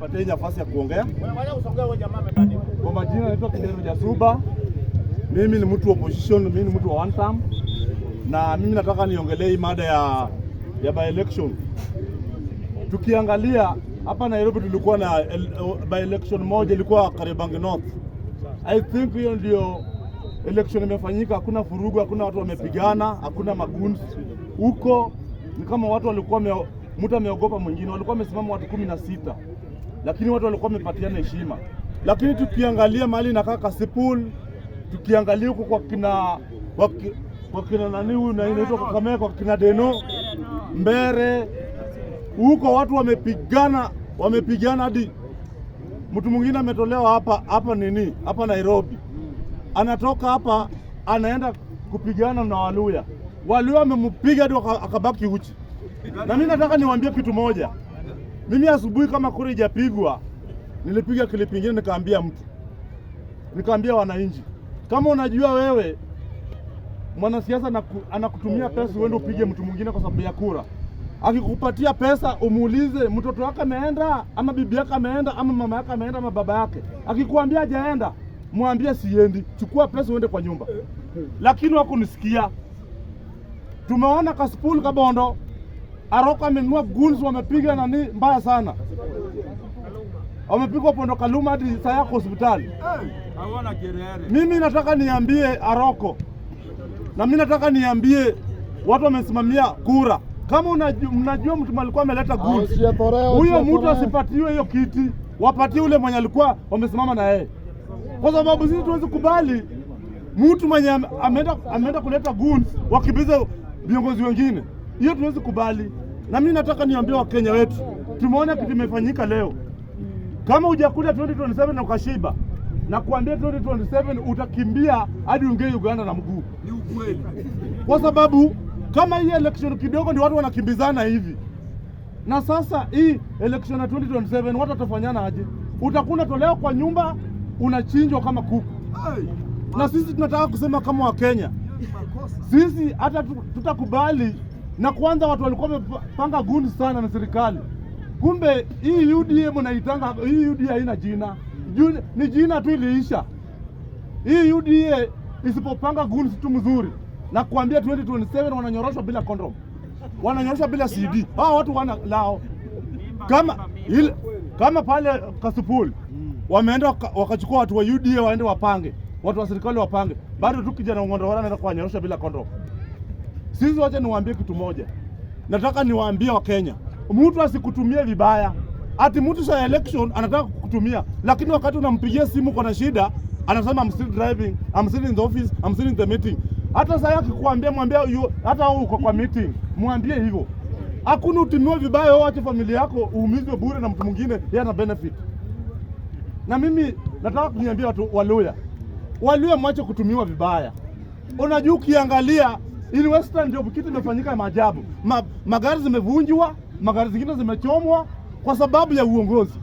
Pateni nafasi ya kuongea. Kwa majina naitwa Kideru Jasuba. Mimi ni mtu wa opposition, mimi ni mtu wa one term. Na mimi nataka niongelee mada ya, ya by election. Tukiangalia hapa Nairobi tulikuwa na by election moja ilikuwa Kariobangi North. I think hiyo ndio election imefanyika, hakuna furugu, hakuna watu wamepigana, hakuna maguns huko. Ni kama watu walikuwa mtu ameogopa mwingine, walikuwa wamesimama watu kumi na sita lakini watu walikuwa wamepatiana heshima. Lakini tukiangalia na kaka Kasipul, tukiangalia huko kwa kina kwa kina nani huyu na inaitwa Kakamega, kwa kina Deno Mbere huko watu wamepigana, wamepigana hadi mtu mwingine ametolewa hapa hapa nini hapa Nairobi, anatoka hapa anaenda kupigana na Waluya. Waluya wamempiga hadi akabaki uchi. Na mimi nataka niwaambie kitu moja. Mimi asubuhi kama kura ijapigwa, nilipiga klipu ingine, nikaambia mtu, nikaambia wananchi, kama unajua wewe mwanasiasa anakutumia pesa uende upige mtu mwingine kwa sababu ya kura, akikupatia pesa umuulize mtoto wake ameenda ama bibi yake ameenda ama mama yake ameenda ama baba yake. Akikuambia hajaenda, mwambie siendi, chukua pesa uende kwa nyumba. Lakini wakunisikia. Tumeona Kasipul Kabondo Aroko amenunua guns, wamepiga nani mbaya sana, wamepigwa Pondo Kaluma hadi saa yako hospitali. Mimi nataka niambie Aroko na mimi nataka niambie watu wamesimamia kura, kama mnajua mtu alikuwa ameleta guns, huyo mtu asipatiwe hiyo kiti, wapatie ule mwenye alikuwa wamesimama na yeye, kwa sababu sisi tuwezi kubali mtu mwenye ameenda kuleta guns wakibiza viongozi wengine hiyo tuwezi kubali. Na mimi nataka niambie Wakenya wetu, tumeona kitu kimefanyika leo. Kama hujakula 2027 na ukashiba na kuambia 2027 utakimbia hadi ungee Uganda na mguu, ni ukweli. Kwa sababu kama hii election kidogo ndio watu wanakimbizana hivi, na sasa hii election ya 2027 watu watafanyana aje? Utakuna tolewa kwa nyumba, unachinjwa kama kuku. Na sisi tunataka kusema kama Wakenya, sisi hata tutakubali na kwanza watu walikuwa wamepanga gundi sana na serikali. Kumbe hii UDA mnaitanga hii UDA haina jina, ni jina tu iliisha. Hii UDA isipopanga gundi situ mzuri, na kuambia 2027 wananyoroshwa bila kondom, wananyoroshwa bila CD. Hao watu wana lao kama ile, kama pale Kasipul wameenda wakachukua watu wa UDA waende wapange, watu wa serikali wapange, bado tu kijana ngondoro wanaenda kuwanyorosha bila kondom. Sisi wacha niwaambie kitu moja, nataka niwaambie Wakenya, mtu asikutumie vibaya, ati mtu sa election anataka kukutumia, lakini wakati unampigia simu kwa na shida anasema I'm still driving, I'm still in the office, I'm still in the meeting. Hata saa akikuambia mwambie hiyo, hata uko kwa meeting mwambie hivyo. Hakuna utumiwe vibaya, wache familia yako uumizwe bure na mtu mwingine, yeye ana benefit. Na mimi nataka kuniambia watu wa Waluya, Waluya mwache kutumiwa vibaya. Unajua ukiangalia ili Western Job kitu imefanyika maajabu. Ma, magari zimevunjwa, magari zingine zimechomwa kwa sababu ya uongozi.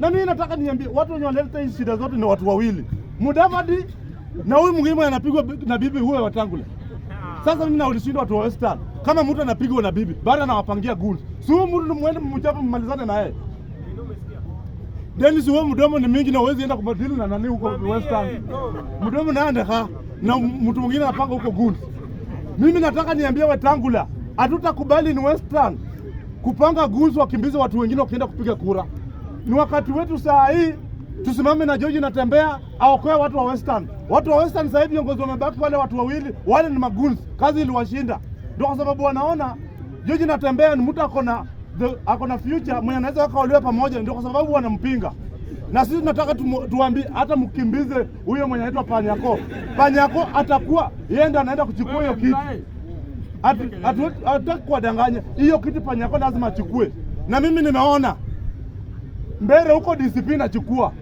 Na mimi nataka niambie watu wenye wanaleta hizi shida zote ni watu wawili. Mudavadi na huyu mwingine anapigwa na bibi huyo Watangula. Sasa mimi naulishinda watu wa Western. Kama mtu anapigwa na bibi, bado anawapangia goons. Si huyu mtu mwende mmchape mmalizane naye. Dennis, wewe mdomo ni mingi na uwezi enda kubadili na nani huko Western. Mdomo naye ha na mtu mwingine anapanga huko goons. Mimi nataka niambie Wetangula, hatutakubali ni Western kupanga guzu wakimbizi watu wengine wakienda kupiga kura. Ni wakati wetu saa hii tusimame na George natembea aokoe watu wa Western. Watu wa Western sasa hivi viongozi wamebaki wale watu wawili, wale ni magunzi, kazi iliwashinda. Ndio kwa sababu wanaona George natembea ni mtu akona akona future mwenye anaweza akaolewa pamoja, ndio kwa sababu wanampinga na sisi tunataka tuambie, hata mkimbize huyo mwenye anaitwa Panyako. Panyako atakuwa yeye ndiye anaenda kuchukua hiyo kiti, hatutaki kuwadanganya. Hiyo kiti Panyako lazima achukue, na mimi nimeona mbele huko DCP nachukua